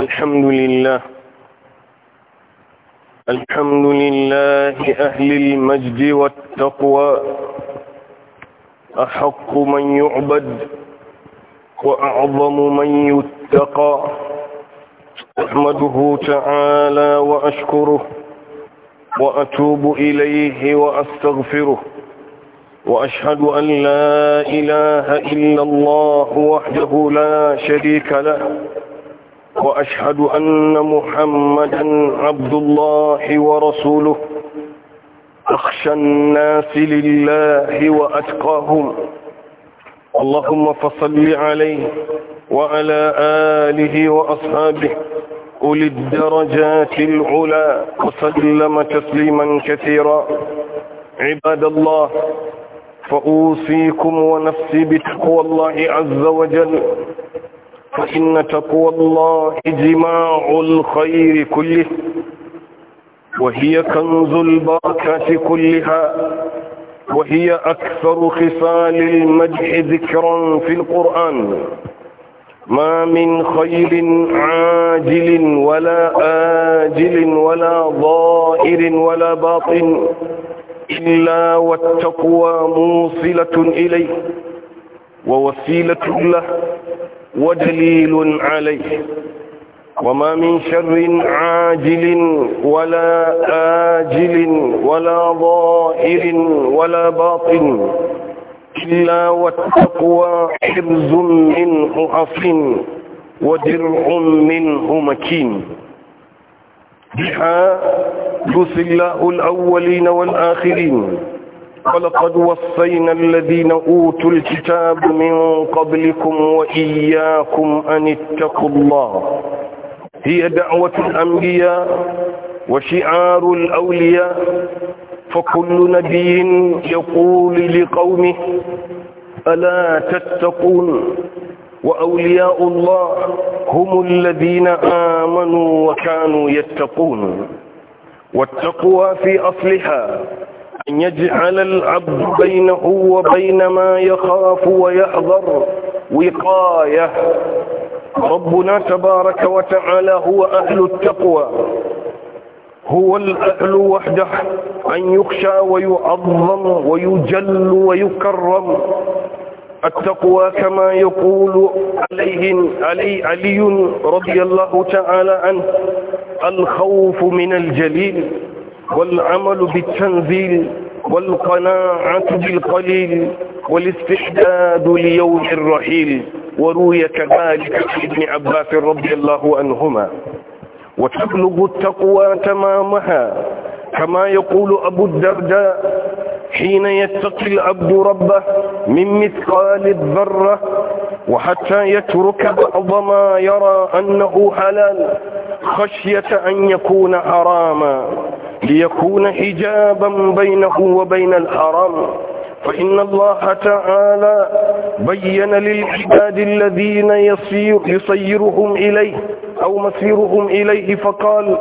الحمد لله الحمد لله أهل المجد والتقوى أحق من يعبد وأعظم من يتقى أحمده تعالى وأشكره وأتوب إليه وأستغفره وأشهد أن لا إله إلا الله وحده لا شريك له وأشهد أن محمدا عبد الله ورسوله أخشى الناس لله وأتقاهم اللهم فصل عليه وعلى آله وأصحابه أولي الدرجات العلا وسلم تسليما كثيرا عباد الله فأوصيكم ونفسي بتقوى الله عز وجل فإن تقوى الله جماع الخير كله وهي كنز البركة كلها وهي أكثر خصال المدح ذكرا في القرآن ما من خير عاجل ولا آجل ولا ظائر ولا باطن إلا والتقوى موصلة إليه ووسيلة له ودليل عليه وما من شر عاجل ولا آجل ولا ظاهر ولا باطن إلا والتقوى حرز منه أصل ودرع منه مكين بها يوصي الله الأولين والآخرين ولقد وصينا الذين أوتوا الكتاب من قبلكم وإياكم أن اتقوا الله هي دعوة الأنبياء وشعار الأولياء فكل نبي يقول لقومه ألا تتقون وأولياء الله هم الذين آمنوا وكانوا يتقون والتقوى في أصلها أن يجعل العبد بينه وبين ما يخاف ويحذر وقاية ربنا تبارك وتعالى هو أهل التقوى هو الأهل وحده أن يخشى ويعظم ويجل ويكرم التقوى كما يقول عليه علي, علي رضي الله تعالى عنه الخوف من الجليل والعمل بالتنزيل والقناعة بالقليل والاستحداد ليوم الرحيل وروي كذلك في ابن عباس رضي الله عنهما وتبلغ التقوى تمامها كما يقول أبو الدرداء حين يتقي العبد ربه من مثقال الذرة وحتى يترك بعض ما يرى أنه حلال خشية أن يكون حراما ليكون حجابا بينه وبين الحرام فإن الله تعالى بين للعباد الذين يصير يصيرهم إليه أو مسيرهم إليه فقال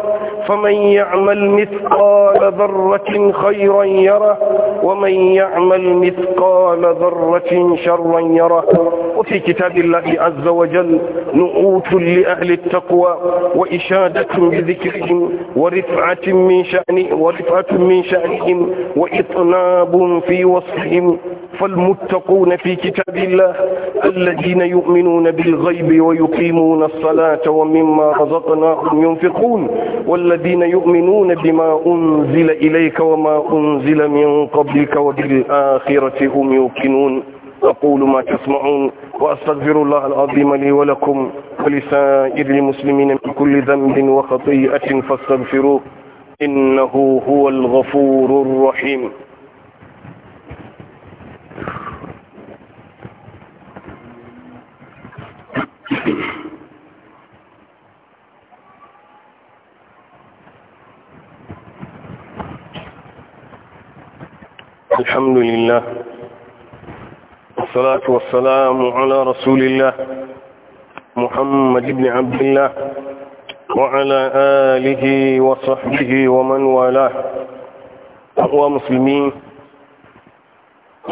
فمن يعمل مثقال ذرة خيرا يره ومن يعمل مثقال ذرة شرا يره وفي كتاب الله عز وجل نعوت لأهل التقوى وإشادة بذكرهم ورفعة من شأن ورفعة من شأنهم وإطناب في وصفهم فالمتقون في كتاب الله الذين يؤمنون بالغيب ويقيمون الصلاة ومما رزقناهم ينفقون والذين يؤمنون بما أنزل إليك وما أنزل من قبلك وبالآخرة هم يوقنون أقول ما تسمعون وأستغفر الله العظيم لي ولكم ولسائر المسلمين من كل ذنب وخطيئة فاستغفروه إنه هو الغفور الرحيم الحمد لله والصلاة والسلام على رسول الله محمد بن عبد الله وعلى آله وصحبه ومن والاه أقوى مسلمين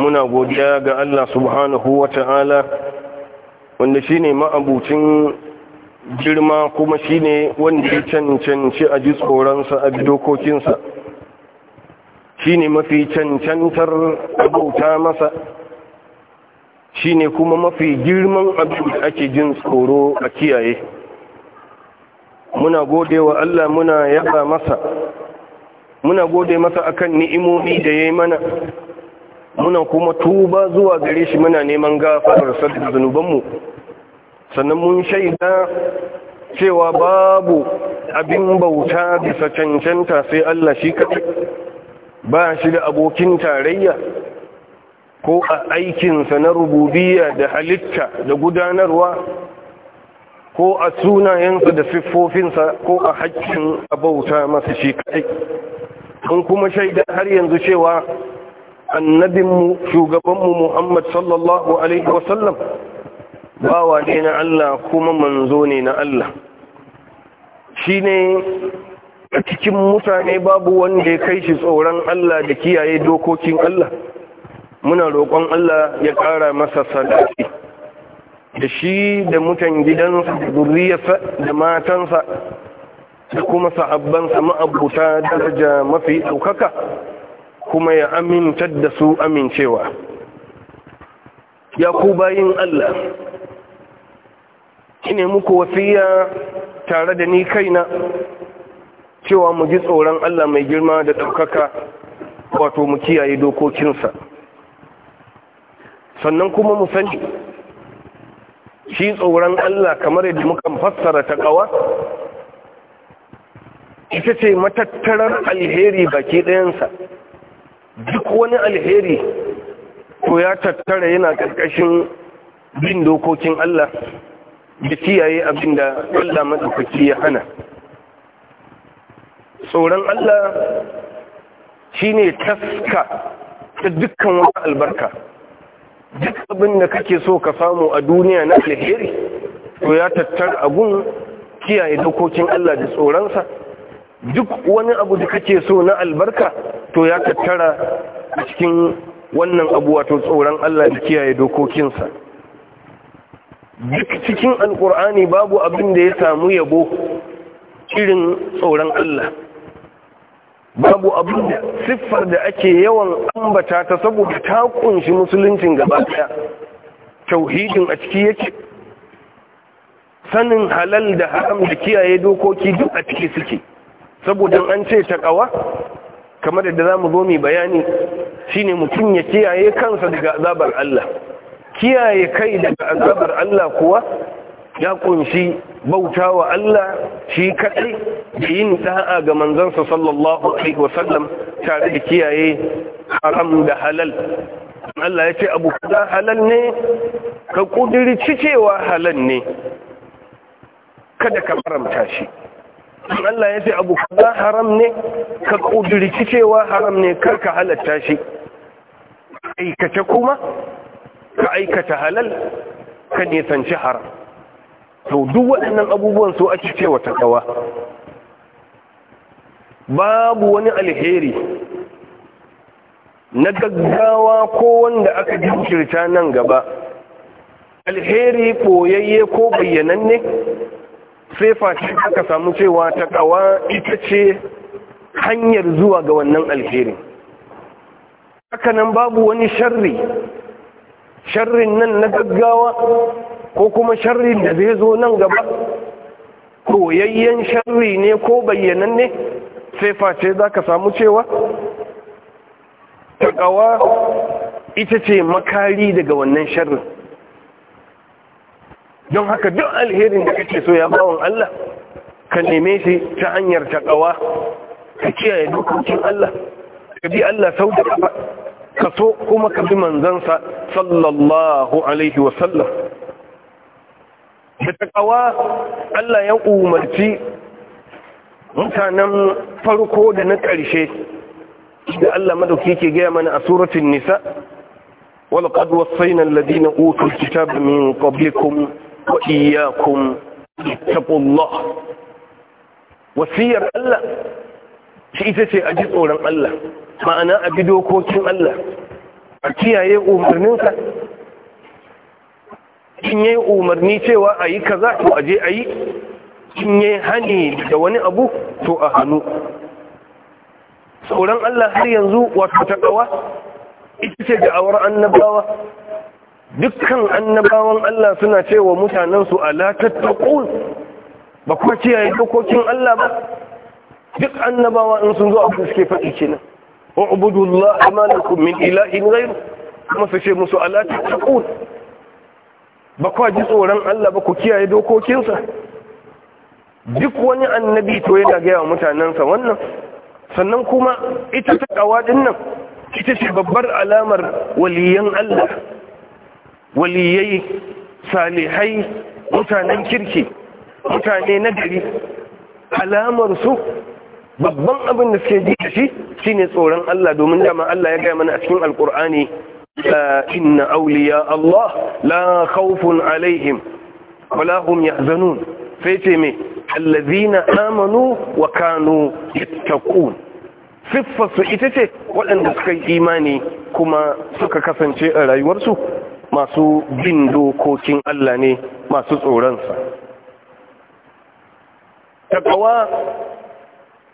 muna godiya ga Allah subhanahu wa ta'ala wanda shi ne ma'abucin girma kuma shi ne wanda ya cancanci a ji tsoronsa a dokokinsa shi ne mafi cancantar abuta masa Shi ne kuma mafi girman abin da ake jin tsoro a kiyaye muna gode wa Allah muna yaba masa muna gode masa akan ni'imomi da yayi mana muna kuma tuba zuwa gare shi muna neman gafarar sadar zunubanmu sannan mun shaida cewa babu abin bauta bisa cancanta sai Allah shi kaɗai ba shi da abokin tarayya ko a aikinsa na rububiya da halitta da gudanarwa ko a sunayensa da siffofinsa ko a haƙƙin abauta masu shi kaɗai kun kuma shaida har yanzu cewa annabinmu shugabanmu muhammad sallallahu alaihi wasallam bawa ne na allah kuma manzo ne na allah shi ne a cikin mutane babu wanda ya kai shi tsoron allah da kiyaye dokokin allah muna roƙon Allah ya ƙara masa sadaki da shi da mutan gidansa da zuriyarsa da matansa da kuma sa'abbansa ma'abuta daraja mafi ɗaukaka kuma ya amintar da su amincewa ya ku bayin Allah ne muku wasiya tare da ni kaina cewa mu ji tsoron Allah mai girma da ɗaukaka wato mu kiyaye dokokinsa sannan kuma mu sani shi tsoron Allah kamar yadda muka fassara ta ƙawa? ita ce matattarar alheri baki ɗayansa duk wani alheri to ya tattara yana ƙarƙashin bin dokokin Allah da kiyaye abin da Allah maɗaukaki ya hana tsoron Allah shi ne taska ta dukkan wata albarka duk abin da kake so ka samu a duniya na alheri to ya tattar abun kiyaye dokokin Allah da tsoronsa duk wani abu da kake so na albarka to ya tattara a cikin wannan abu wato tsoron Allah da kiyaye dokokinsa duk cikin alkur'ani babu abin da ya samu yabo irin tsoron Allah babu abin da siffar da ake yawan ambata ta saboda ta kunshi musuluncin gaba daya tauhidin a ciki yake sanin halal da haram da kiyaye dokoki duk a ciki suke saboda an ce takawa kamar da za mu zo mai bayani shine mutum ya kiyaye kansa daga azabar Allah kiyaye kai daga azabar Allah kuwa ya kunshi bauta wa Allah shi kadai da yin da'a ga manzansa sallallahu alaihi wasallam tare da kiyaye haram da halal Allah ya ce abu kaza halal ne ka kudirci cewa halal ne kada ka haramta shi Allah ya ce abu kaza haram ne ka kudirci cewa haram ne kar ka halatta shi aikata kuma ka aikata halal ka nisanci haram to duk waɗannan abubuwan su ake cewa ta kawa. babu wani alheri na gaggawa ko wanda aka jinkirta nan gaba alheri ɓoyayye ko bayyananne sai face aka samu cewa ta takawa ita ce hanyar zuwa ga wannan alheri hakanan babu wani sharri sharrin nan na gaggawa ko kuma sharrin da zai zo nan gaba koyayyen sharri ne ko bayyanan ne sai face za ka samu cewa taƙawa ita ce makari daga wannan sharrin don haka duk alherin da kake so ya bawon Allah ka neme shi ta hanyar ta ƙawa? ka kiyaye dokokin Allah ka bi Allah sau da ka so kuma ka bi manzansa sallallahu alaihi wasallam da takawa Allah ya umarci mutanen farko da na ƙarshe da Allah madauki ke gaya mana a suratun nisa walqad wassayna alladhina otun kitaba min qablikum wa iyakun taqullah wasiyar Allah shi ita ce a ji tsoron Allah ma'ana a bi dokokin Allah a kiyaye umarninsa in yi umarni cewa a yi kaza to a je a yi in yi hani da wani abu to a hannu sauran Allah har yanzu wato takawa ita ce da awar annabawa dukkan annabawan Allah suna cewa mutanensu ala tattaqun ba kuma kiyaye dokokin Allah ba duk annabawa in sun zo abu suke faɗi kenan wa ubudullahi ma lakum min ilahin ghayr kuma su ce musu ala tattaqun ba kwa ji tsoron Allah ba ku kiyaye dokokinsa duk wani annabi to yana gaya wa mutanensa wannan sannan kuma ita ta kawa nan ita ce babbar alamar waliyan Allah waliyai salihai mutanen kirki mutane na gari alamar su babban abin da suke ji da shi shine tsoron Allah domin dama Allah ya gaya mana a cikin alkur'ani لا إن أولياء الله لا خوف عليهم ولا هم allazina amanu الذين آمنوا وكانوا يتقون siffarsu ita ce waɗanda suka yi imani kuma suka kasance a rayuwarsu masu bin dokokin Allah ne masu tsoronsa. Takawa,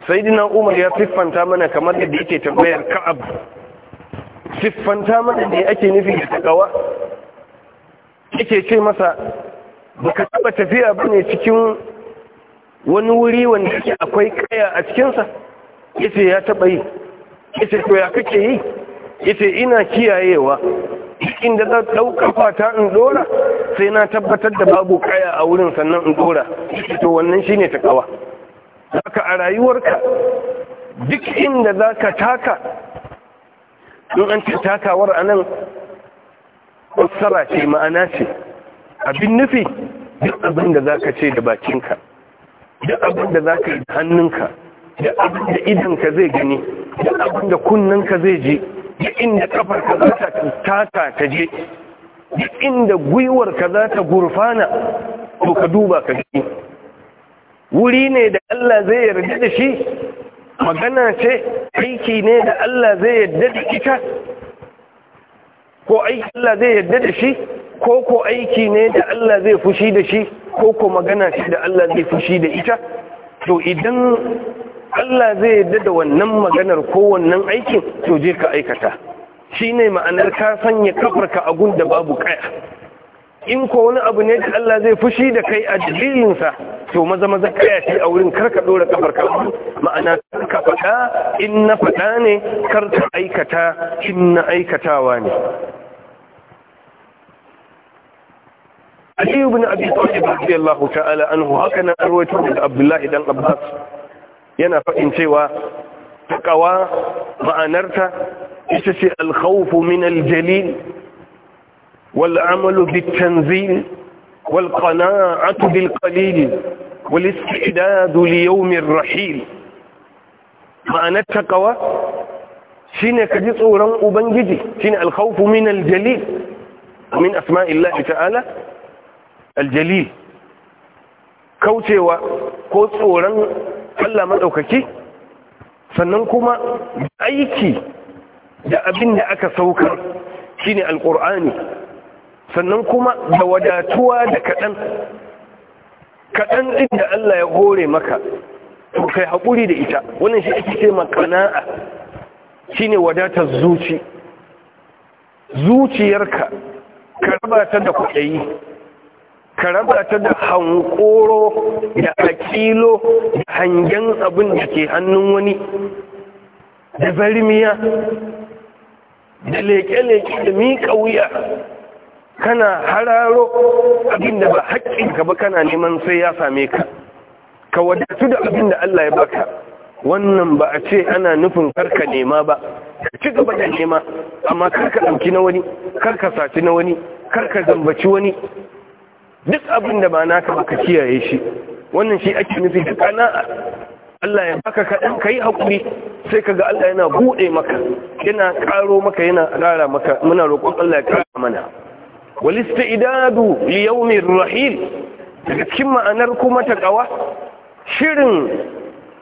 Saidina Umar ya siffanta mana kamar yadda yake tambayar Ka'ab siffanta mana da ake nufi da takawa yake ce masa baka taba tafiya bane cikin wani wuri wanda yake akwai kaya a cikinsa yace ya taba yi yace to ya kake yi yace ina kiyayewa inda za ɗauka fata in dora sai na tabbatar da babu kaya a wurin sannan in dora to wannan shine takawa haka a rayuwarka duk inda za ka taka don an ce takawar a nan fassara ce ma'ana ce abin nufi duk abin da za ka ce da bakinka duk abin da za ka yi da hannunka duk abin da idanka zai gani duk abin da kunnanka zai je duk inda kafarka za ta taka ta je duk inda gwiwarka za ta gurfana to ka duba ka gani wuri ne da Allah zai yarda da shi magana ce aiki ne da Allah zai yadda da ita ko aiki Allah zai yadda da shi ko ko aiki ne da Allah zai fushi da shi ko ko magana ce da Allah zai fushi da ita to idan Allah zai yadda da wannan maganar ko wannan aikin to je ka aikata Shi ne ma'anar ka sanya kafarka a gun da babu kaya in ko wani abu ne da Allah zai fushi da kai a dalilinsa to maza maza kaya shi a wurin karka dora kafarka ma'ana faɗa in na faɗa ne kar ta aikata in na aikatawa ne Aliyu bin Abi Talib radiyallahu ta'ala anhu haka na arwaito da Abdullahi dan Abbas yana faɗin cewa takawa ma'anarta ita ce al-khawf min al-jalil wal amalu bit-tanzil wal qana'atu bil qalil wal istidadu li yawmir rahil ma'anar shi ne ka ji tsoron ubangiji shine alkhawfu min aljalil min asma'illahi ta'ala aljalil kaucewa ko tsoron Allah maɗaukaki, sannan kuma aiki da abin da aka saukar shine alƙur'ani sannan kuma da wadatuwa da kaɗan, kaɗan ɗin da Allah ya hore maka to kai haƙuri da ita wannan shi ake ce makana'a shine wadatar zuci zuciyarka ka raba ta da kwaɗayi ka raba da hankoro da akilo da hangen abin da ke hannun wani da zarmiya da leƙe-leƙe da miƙa wuya kana hararo abin da ba haƙƙinka ba kana neman sai ya same ka ka wadatu da abin da Allah ya baka wannan ba a ce ana nufin karka nema ba ka ci gaba da nema amma karka ɗauki na wani karka saci na wani karka zambaci wani duk abin da ba naka ba ka kiyaye shi wannan shi ake nufi da kana Allah ya baka kaɗan ka yi haƙuri sai ka ga Allah yana buɗe maka yana ƙaro maka yana ƙara maka muna roƙon Allah ya ƙara mana walista idadu liyaumin rahil daga cikin ma'anar kuma ta ƙawa shirin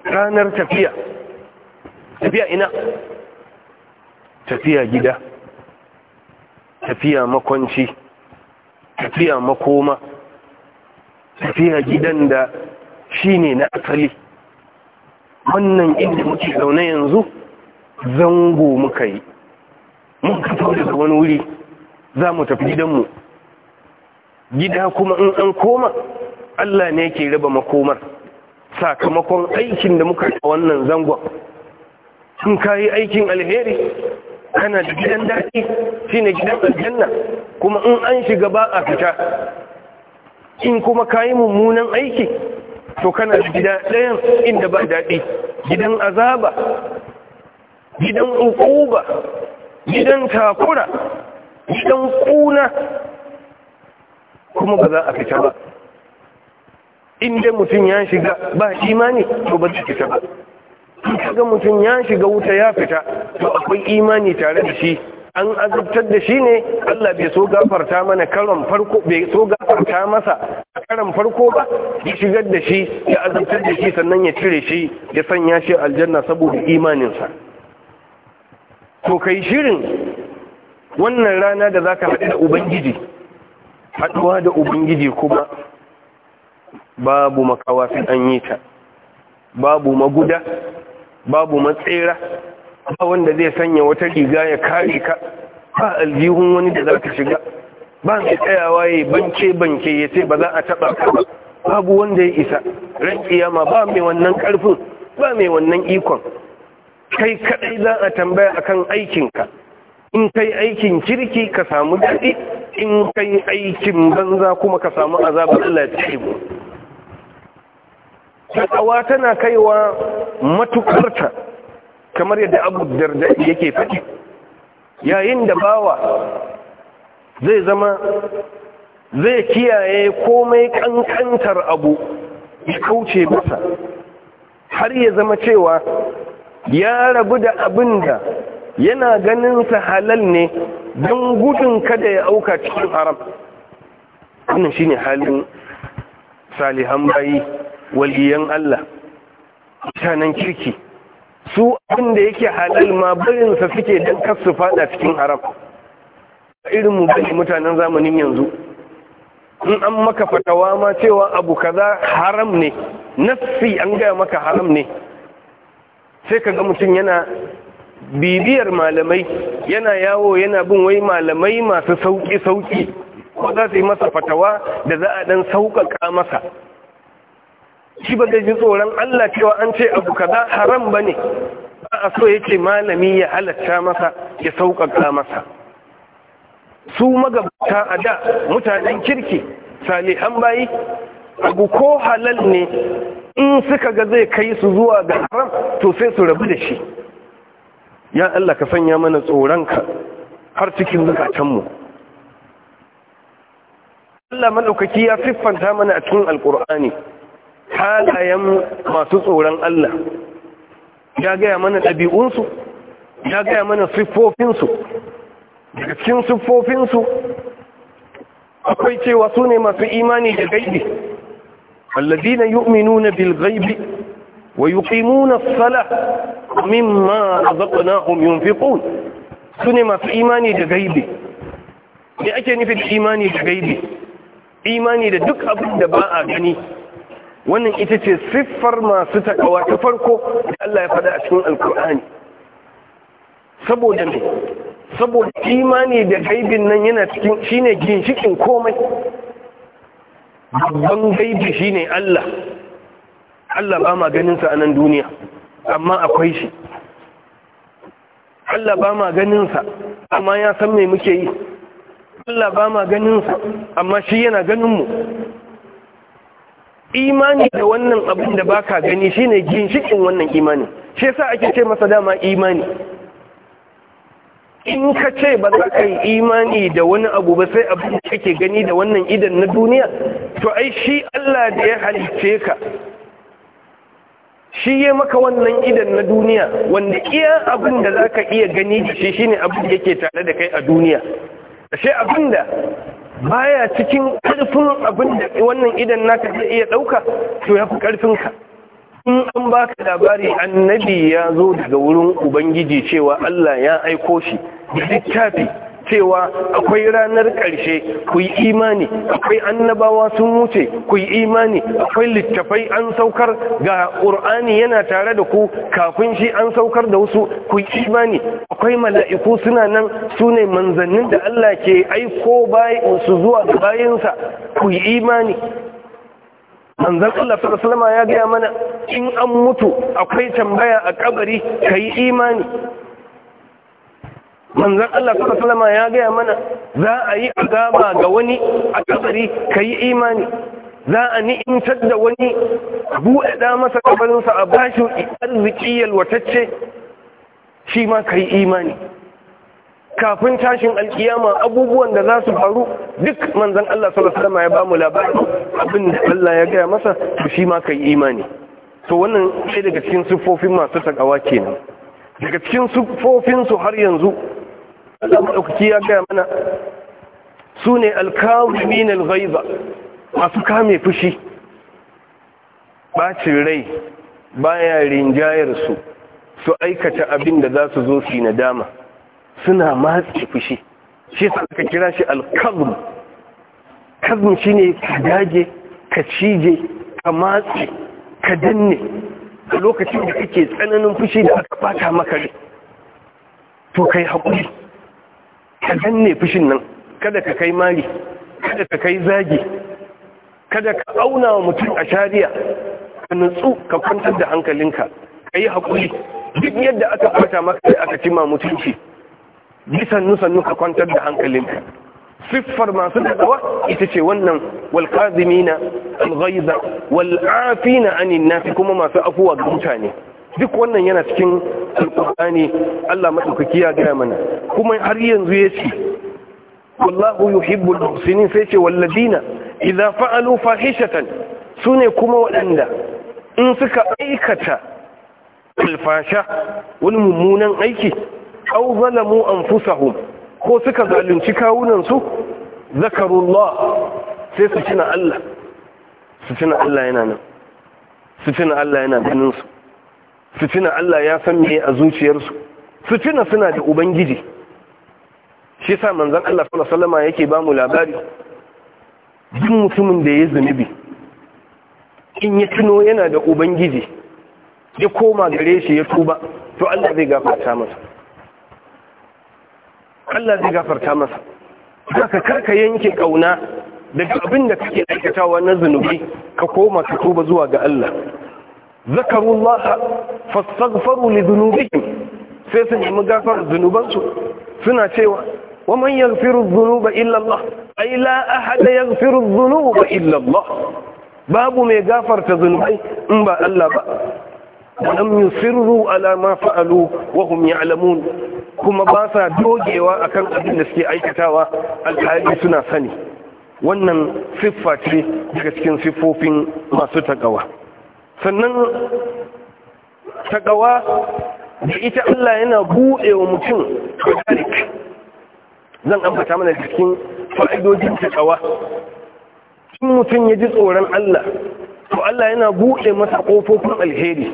ranar tafiya tafiya ina tafiya gida tafiya makwanci tafiya makoma tafiya gidan da shi ne na asali wannan inda muke zaune yanzu zango muka yi mun fito daga wani wuri za mu tafi gidanmu gida kuma in an koma Allah ne ke raba makomar sakamakon aikin da muka a wannan zangon sun kayi aikin alheri kana da gidan daɗi shine gidan aljanna kuma in an shiga ba a fita in kuma kayi mummunan aiki to kana da gida ɗayan inda ba daɗi gidan azaba gidan ukuba gidan takura gidan kuna kuma ba za a fita ba Inda mutum ya shiga ba imani to ba zai fita ba kaga mutum ya shiga wuta ya fita to akwai imani tare da shi an azabtar da shi ne Allah bai so gafarta mana karon farko bai so gafarta masa karon farko ba ya shigar da shi ya azabtar da shi sannan ya cire shi ya sanya shi aljanna saboda imaninsa to kai shirin wannan rana da zaka haɗu da ubangiji haɗuwa da ubangiji kuma babu makawafin an yi ta babu maguda babu matsera ba wanda zai sanya wata riga ya kare ka ba aljihun wani da za ka shiga ba mai tsayawa ya banke banke ya ce ba za a taba ka ba babu wanda ya isa ran kiyama ba mai wannan karfin ba mai wannan ikon kai kadai za a tambaya akan aikinka in kai aikin kirki ka samu daɗi in kai aikin banza kuma ka samu azabar Allah ya takawa tana kaiwa matukarta kamar yadda abu darda yake faɗi yayin da bawa zai zama zai kiyaye komai ƙanƙantar abu ya kauce masa har ya zama cewa ya rabu da abin da yana ganin sa halal ne don gudun kada ya auka cikin haram wannan shine halin salihan bayi waliyan Allah mutanen kirki su abinda yake halal ma barinsa suke don kasu fada cikin haram irin mu bane mutanen zamanin yanzu in an maka fatawa ma cewa abu kaza haram ne nassi an gaya maka haram ne sai ka ga mutum yana bibiyar malamai yana yawo yana bin wai malamai masu sauki-sauki ko za su yi masa fatawa da za a ɗan sauƙaƙa masa shi ba zai ji tsoron Allah cewa an ce abu kaza haram ba ne ba a so yake malami ya halatta masa ya sauƙaƙa masa su magabata a da mutanen kirki salihan bayi abu ko halal ne in suka ga zai kai su zuwa ga haram to sai su rabu da shi ya Allah ka sanya mana tsoronka har cikin zukatanmu Allah maɗaukaki ya siffanta mana a cikin alƙur'ani halayen masu tsoron Allah ya gaya mana ɗabi'unsu ya gaya mana siffofinsu daga cikin siffofinsu akwai cewa su ne masu imani da gaibi والذين يؤمنون بالغيب ويقيمون الصلاة مما رزقناهم ينفقون سنما في إيماني دا غيبي لأكني في الإيماني دا غيبي إيماني دا دك أبن ba a gani. wannan ita ce siffar masu taɗawa ta farko da Allah ya faɗa a cikin alkur'ani saboda ne saboda imani da gaibin nan yana cikin shine ginshikin komai babban gaibi shine Allah Allah ba ma ganin sa a nan duniya amma akwai shi Allah ba ma ganin sa amma ya san me muke yi Allah ba ma ganin sa amma shi yana ganin mu imani da wannan abin da baka gani shine ginshikin wannan imani shi yasa ake ce masa dama imani in ka ce ba za ka yi imani da wani abu ba sai abin da kake gani da wannan idan na duniya to ai shi Allah da ya halice ka shi ya maka wannan idan na duniya wanda iya abin da za ka iya gani da shi shine abin da yake tare da kai a duniya ashe abin da baya cikin karfin abin da wannan idan naka zai iya ɗauka to ya fi ƙarfinka in an baka labari annabi ya zo daga wurin ubangiji cewa Allah ya aiko shi da littafi cewa akwai ranar ƙarshe ku yi imani akwai annabawa sun wuce ku yi imani akwai littafai an saukar ga ƙur'ani yana tare da ku kafin shi an saukar da wasu ku yi imani akwai mala'iku suna nan su ne manzannin da Allah ke aiko su zuwa da bayansa ku yi imani manzan Allah sallallahu ya gaya mana in an mutu akwai tambaya a kabari ka yi imani manzon Allah sallallahu salama ya gaya mana za a yi azaba ga wani a kabari yi imani za a ni'imtar da wani buɗaɗa masa kabarinsa a bashi arziki yalwatacce shi ma ka yi imani kafin tashin alkiyama abubuwan da za su faru duk manzan Allah sallallahu salama ya bamu labarin abin da Allah ya gaya masa to shi ma ka yi imani to wannan sai daga cikin siffofin masu takawa kenan daga cikin siffofin su har yanzu Allah madaukaki ya gaya mana su ne alkawimin alghaiza masu kame fushi Ɓacin rai baya rinjayar su su aikata abin da za su zo su nadama suna matsi fushi shi sa aka kira shi alkazm kazm shine ka dage ka cije ka matse, ka danne a lokacin da kake tsananin fushi da aka ɓata maka rai to kai haƙuri ka danne fushin nan kada ka kai mali kada ka kai zagi kada ka auna wa mutum a shari'a ka nutsu ka kwantar da hankalinka ka yi haƙuri duk yadda aka kwata maka sai aka cima mutunci bisan nusannu ka kwantar da hankalinka siffar masu da'awa ita ce wannan wal qazimina wal'afina ghaiza anin nas kuma masu afuwa ga mutane duk wannan yana cikin alƙur'ani Allah maɗaukaki ya gaya mana kuma har yanzu ya ce wallahu yuhibbul muhsinin sai ce walladina idza fa'alu fahishatan sune kuma waɗanda in suka aikata alfasha wani mummunan aiki aw zalamu anfusahum ko suka zalunci kawunan su zakarullah sai su tuna Allah su tuna Allah yana nan su tuna Allah yana ganin su fitina Allah ya san me a zuciyarsu fitina suna da ubangiji shi sa manzon Allah sallallahu alaihi wasallam yake ba mu labari duk mutumin da ya zunubi in ya tuno yana da ubangiji ya koma gare shi ya tuba to Allah zai gafarta masa Allah zai gafarta masa haka karka yanke kauna daga abin da kake aikatawa na zunubi ka koma ka tuba zuwa ga Allah zakarullah fastaghfaru li dhunubihim sai su nemi gafar zunubansu suna cewa wa man yaghfiru dhunuba illa Allah ay la ahad yaghfiru dhunuba illa Allah babu mai gafarta dhunubai in ba Allah ba yusirru ala ma fa'alu wa hum ya'lamun kuma ba sa dogewa akan abin da suke aikatawa alhali suna sani wannan siffa ce daga cikin siffofin masu takawa sannan ta gawa da ita Allah yana buɗe wa mutum tarik zan ambata mana cikin fa'idojin gawa cin mutum ya ji tsoron Allah to Allah yana buɗe masa ƙofofin alheri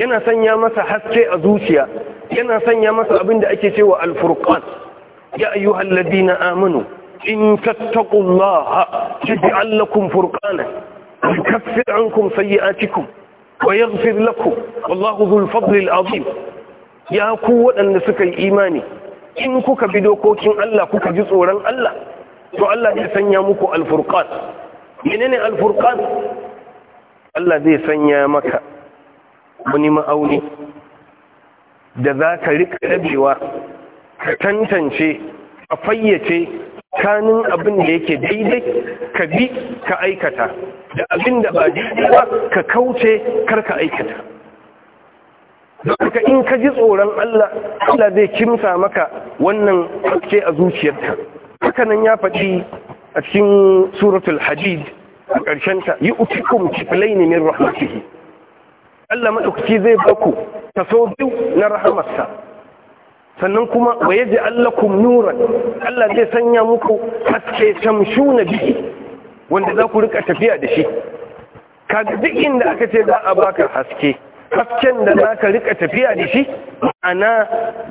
yana sanya masa haske a zuciya yana sanya masa abin da ake cewa alfurkan. ya ayyuhal ladina amanu in tattaqullaha Allah kun furqana يكفر عنكم سيئاتكم ويغفر لكم والله ذو الفضل العظيم ya ku waɗanda suka yi imani in kuka bi dokokin Allah kuka ji tsoron Allah to Allah zai sanya muku alfurqan menene alfurqan Allah zai sanya maka wani ma'auni da za ka rika rabewa ka tantance a fayyace kanin abin da yake daidai ka bi ka aikata da abin da ba daidai ba ka kauce kar ka aikata daga in ka ji tsoron Allah Allah zai kimsa maka wannan haske a zuciyarka hakanan ya faɗi a cikin suratul hadid a ƙarshen ta, yi utikum kiflaini min rahmatihi Allah maɗaukaki zai baku taso biyu na rahamarsa sannan kuma wa yaji allakum nuran Allah zai sanya muku haske na biki wanda za ku rika tafiya da shi kaga duk inda aka ce za a baka haske hasken da za ka rika tafiya da shi ana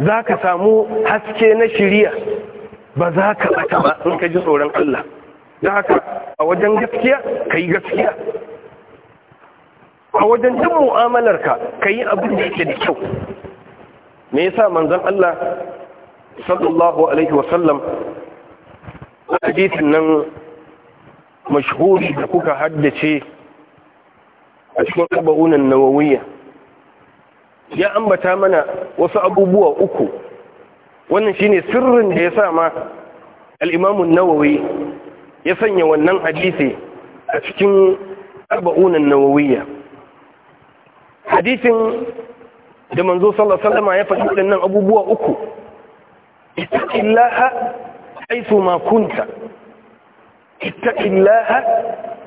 za ka samu haske na shirya ba za ka bata ba in ka ji tsoron Allah da haka a wajen gaskiya ka yi gaskiya a wajen duk mu'amalarka ka yi abin da yake da kyau me yasa manzon Allah sallallahu alaihi wa sallam hadisin nan mashhuri da kuka haddace a cikin qabaunan nawawiyya ya ambata mana wasu abubuwa uku wannan shine sirrin da yasa ma al-Imam nawawi ya sanya wannan hadisi a cikin arba'unan nawawiyya hadisin da manzo sallallahu alaihi wasallam ya faɗi waɗannan abubuwa uku ittaqillaha haythu ma kunta ittaqillaha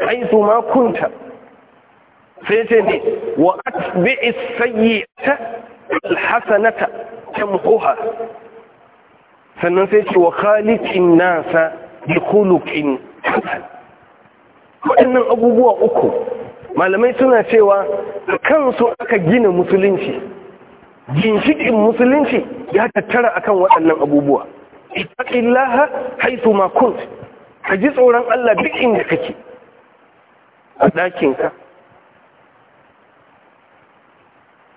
haythu ma kunta sai ce ne wa atbi'is sayyi'ata alhasanata tamhuha sannan sai ce wa khaliqin nasa bi khuluqin hasan waɗannan abubuwa uku malamai suna cewa kansu aka gina musulunci ginshikin musulunci ya tattara a kan waɗannan abubuwa ittaqillaha haythu ma kunt ka ji tsoron Allah duk inda kake a ɗakinka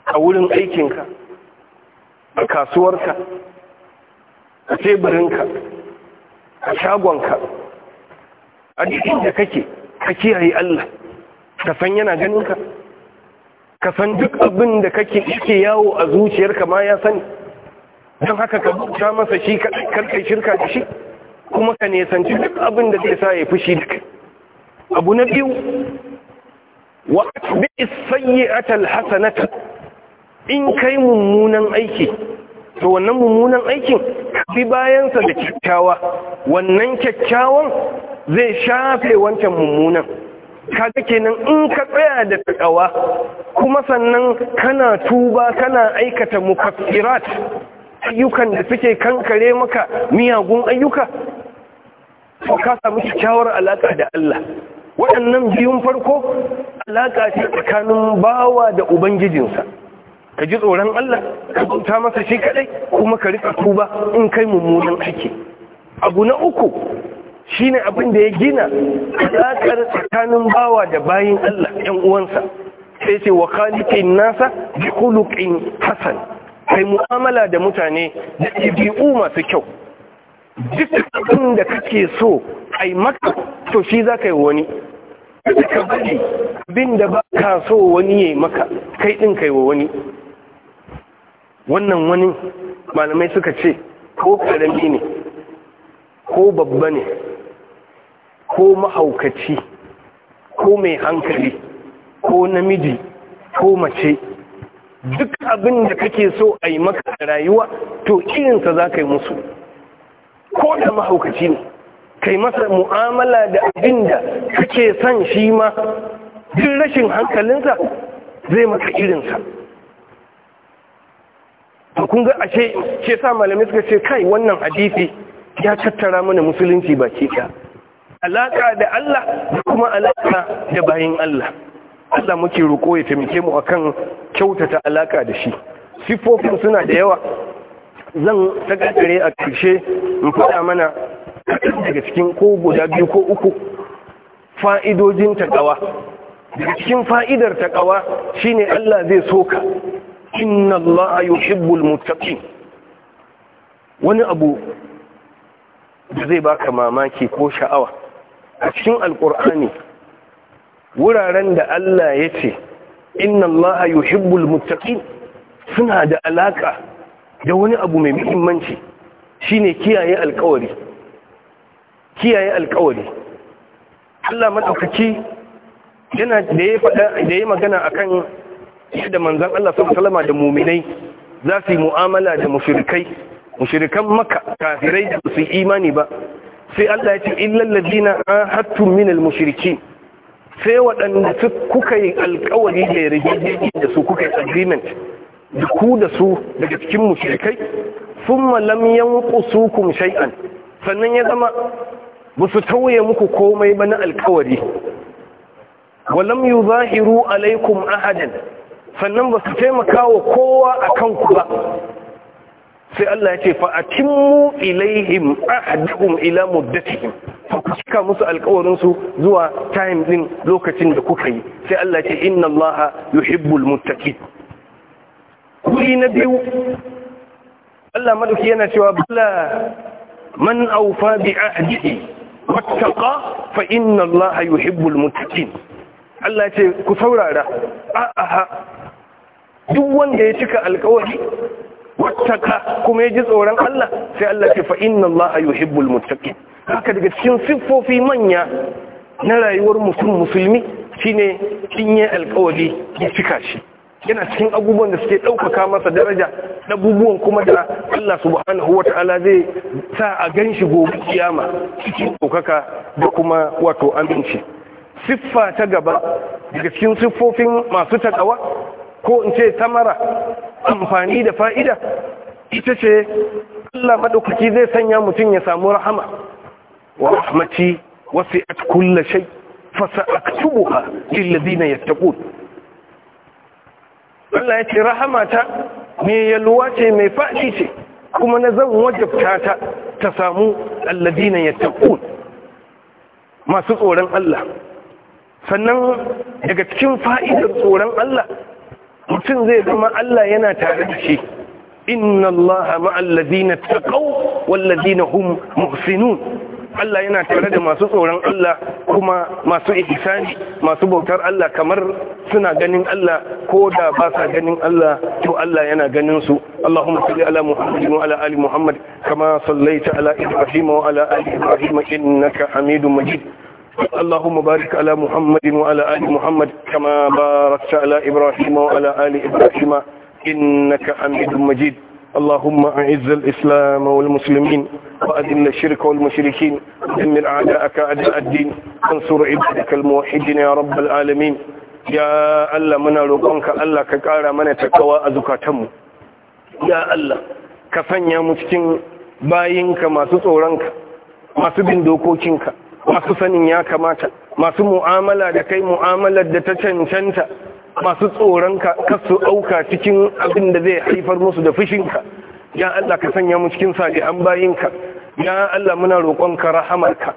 a wurin aikinka a kasuwarka a teburinka a shagonka a duk inda kake ka kiyaye Allah ka san yana ganinka ka san duk abin da kake ke yawo a zuciyarka ma ya sani don haka ka bauta masa shi karkai shirka da shi kuma ka nesanci duk abin da zai sa ya fushi da kai abu na biyu wa bi atal hasanata in kai mummunan aiki to wannan mummunan aikin bi bayansa da kyakkyawa wannan kyakkyawan zai shafe wancan mummunan kaga kenan in ka tsaya da takawa kuma sannan kana tuba kana aikata mukaffirat ayyukan da suke kankare maka miyagun ayyuka to ka samu kyakkyawar alaka da Allah waɗannan biyun farko alaka ce tsakanin bawa da ubangijinsa ka ji tsoron Allah ka bauta masa shi kaɗai kuma ka rika tuba in kai mummunan aiki abu na uku Shi ne abin da ya gina alaƙar tsakanin bawa da bayin Allah ‘yan uwansa sai ce wa khaliqin nasa bi kulukin hasan kai mu'amala da mutane da ɗabi'u masu kyau duk abin da kake so ai maka to shi za ka yi wani ka bari abin da ba ka so wani ya yi maka kai ɗin kai wa wani wannan wani malamai suka ce ko ƙarami ne ko babba ne ko mahaukaci ko mai hankali ko namiji ko mace duk abin da kake so a yi maka rayuwa to irinsa za ka yi musu ko da mahaukaci ne kai masa mu'amala da abin da kake son shi ma duk rashin hankalinsa zai maka irinsa kun ga ashe ce sa malamai suka ce kai wannan hadisi ya tattara mana musulunci baki ɗaya Alaƙa da Allah da kuma alaƙa da bayin Allah Allah muke roƙo ya taimake mu akan kyautata alaƙa da shi sifofin suna da yawa zan takatare a ƙarshe in faɗa mana daga cikin ko guda biyu ko uku fa'idojin taƙawa daga cikin fa'idar taƙawa shine Allah zai soka inna Allah yuhibbul muttaqin wani abu da zai baka mamaki ko sha'awa a cikin alkur'ani wuraren da Allah ya ce inna Allah ya suna da alaka da wani abu mai muhimmanci shine kiyaye alkawari kiyaye alkawari Allah madaukaki yana da ya faɗa da ya magana akan yadda manzon Allah sallallahu da mu'minai za su yi mu'amala da mushrikai mushrikan makka kafirai da su imani ba sai Allah ya ce illal ladina ahadtum min al mushrikin sai waɗanda kuka yi alkawari da yarjejeniya da su kuka yi agreement da ku da su daga cikin mushrikai thumma lam yanqusukum shay'an sannan ya zama ba su tauye muku komai ba na alkawari walam yuzahiru alaikum ahadan sannan ba su taimaka wa kowa akan ku ba sai Allah ya ce fa mu ilaihim ahdahum ila muddatihim cika musu alƙawarin su zuwa time din lokacin da kuka yi sai Allah ya ce inna Allah yuhibbul muttaqin kuri na biyu Allah madauki yana cewa bala man awfa bi ahdihi wattaqa fa inna Allah yuhibbul muttaqin Allah ya ce ku saurara a'a duk wanda ya cika alƙawari wattaka kuma ya ji tsoron Allah sai Allah ce fa inna Allah yuhibbul muttaqin haka daga cikin siffofi manya na rayuwar mutum musulmi shine in yi alƙawari ya cika shi yana cikin abubuwan da suke ɗaukaka masa daraja abubuwan kuma da Allah subhanahu ta'ala zai sa a gan shi gobe kiyama cikin ɗaukaka da kuma wato aminci siffa ta gaba daga cikin siffofin masu takawa ko in ce samara amfani da fa'ida ita ce Allah maɗaukaki zai sanya mutum ya samu rahama wa rahmaci wasu a kulla shai fasa a tubuwa illazina ya taƙo Allah ya ce rahamata mai yalwa ce mai faɗi ce kuma na zan wajabta ta ta samu allazina ya taƙo masu tsoron Allah sannan daga cikin fa'idar tsoron Allah mutum zai zama Allah yana tare da shi inna Allah ma'allazina taqaw wallazina hum muhsinun Allah yana tare da masu tsoron Allah kuma masu ihsani masu bautar Allah kamar suna ganin Allah ko da ba sa ganin Allah to Allah yana ganin su Allahumma salli ala Muhammad wa ala ali Muhammad kama sallaita ala Ibrahim wa ala ali Ibrahim innaka Hamidum Majid اللهم بارك على محمد وعلى آل محمد كما باركت على إبراهيم وعلى آل إبراهيم إنك حميد مجيد اللهم أعز الإسلام والمسلمين وأذل الشرك والمشركين دمر أعداءك أعداء الدين وانصر عبادك الموحدين يا رب العالمين يا الله من روقنك الله كقارا من تكوى أزكاتهم يا الله كفن يا مسكين باينك ما سطورنك ما سبين دوكوشنك masu sanin ya kamata masu mu'amala da kai mu'amalar da ta cancanta masu tsoronka su auka cikin abin da zai haifar musu da fushinka ya Allah ka sanya mu cikin sa an bayinka ya Allah muna roƙonka rahamarka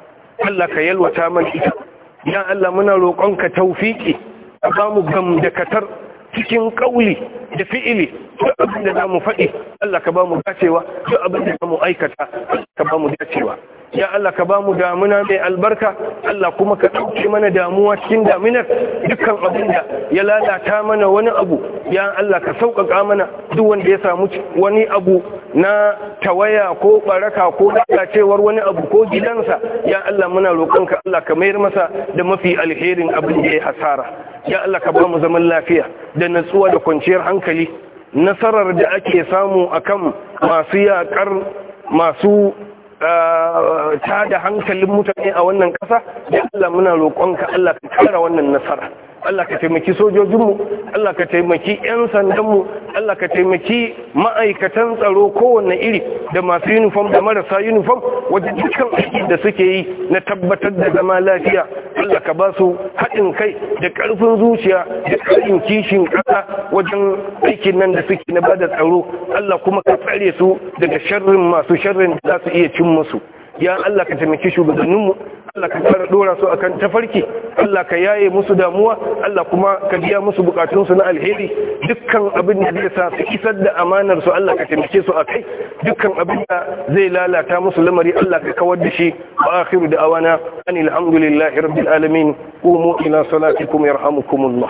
Allah ka yalwata mana ita ya Allah muna roƙonka tawfiki ka ba mu gamdakatar cikin ƙauli da fi'ili duk abin da za mu faɗi Allah ka ba mu dacewa duk abin da za mu aikata ka ba mu dacewa ya Allah ka bamu damuna mai albarka Allah kuma ka ɗauke mana damuwa cikin daminar dukkan abin ya lalata mana wani abu ya Allah ka sauƙaƙa mana duk wanda ya samu wani abu na tawaya ko baraka ko lalacewar wani abu ko gidansa ya Allah muna roƙonka Allah ka mayar masa da mafi alherin abin da ya hasara ya Allah ka bamu zaman lafiya da natsuwa da kwanciyar hankali nasarar da ake samu akan masu yaƙar masu ta da hankalin mutane a wannan ƙasa da Allah muna roƙonka Allah ka kara wannan nasara Allah ka taimaki sojojinmu Allah ka taimaki 'yan sandanmu Allah ka taimaki ma'aikatan tsaro kowane iri da masu uniform da marasa uniform wajen dukkan aikin da suke yi na tabbatar da zama lafiya Allah ka ba su haɗin kai da ƙarfin zuciya da ƙarfin kishin ƙasa wajen aikin nan da suke na ba da tsaro Allah kuma ka tsare su daga sharrin masu sharrin da za su iya cin musu ya Allah ka taimaki shugabanninmu Allah ka fara dora su akan tafarki Allah ka yaye musu damuwa Allah kuma ka biya musu bukatun su na alheri dukkan abin da zai sa su da amanar su Allah ka taimake su akai dukkan abin da zai lalata musu lamari Allah ka kawar da shi wa akhiru da'awana anil hamdulillahi rabbil alamin qumu ila salatikum yarhamukumullah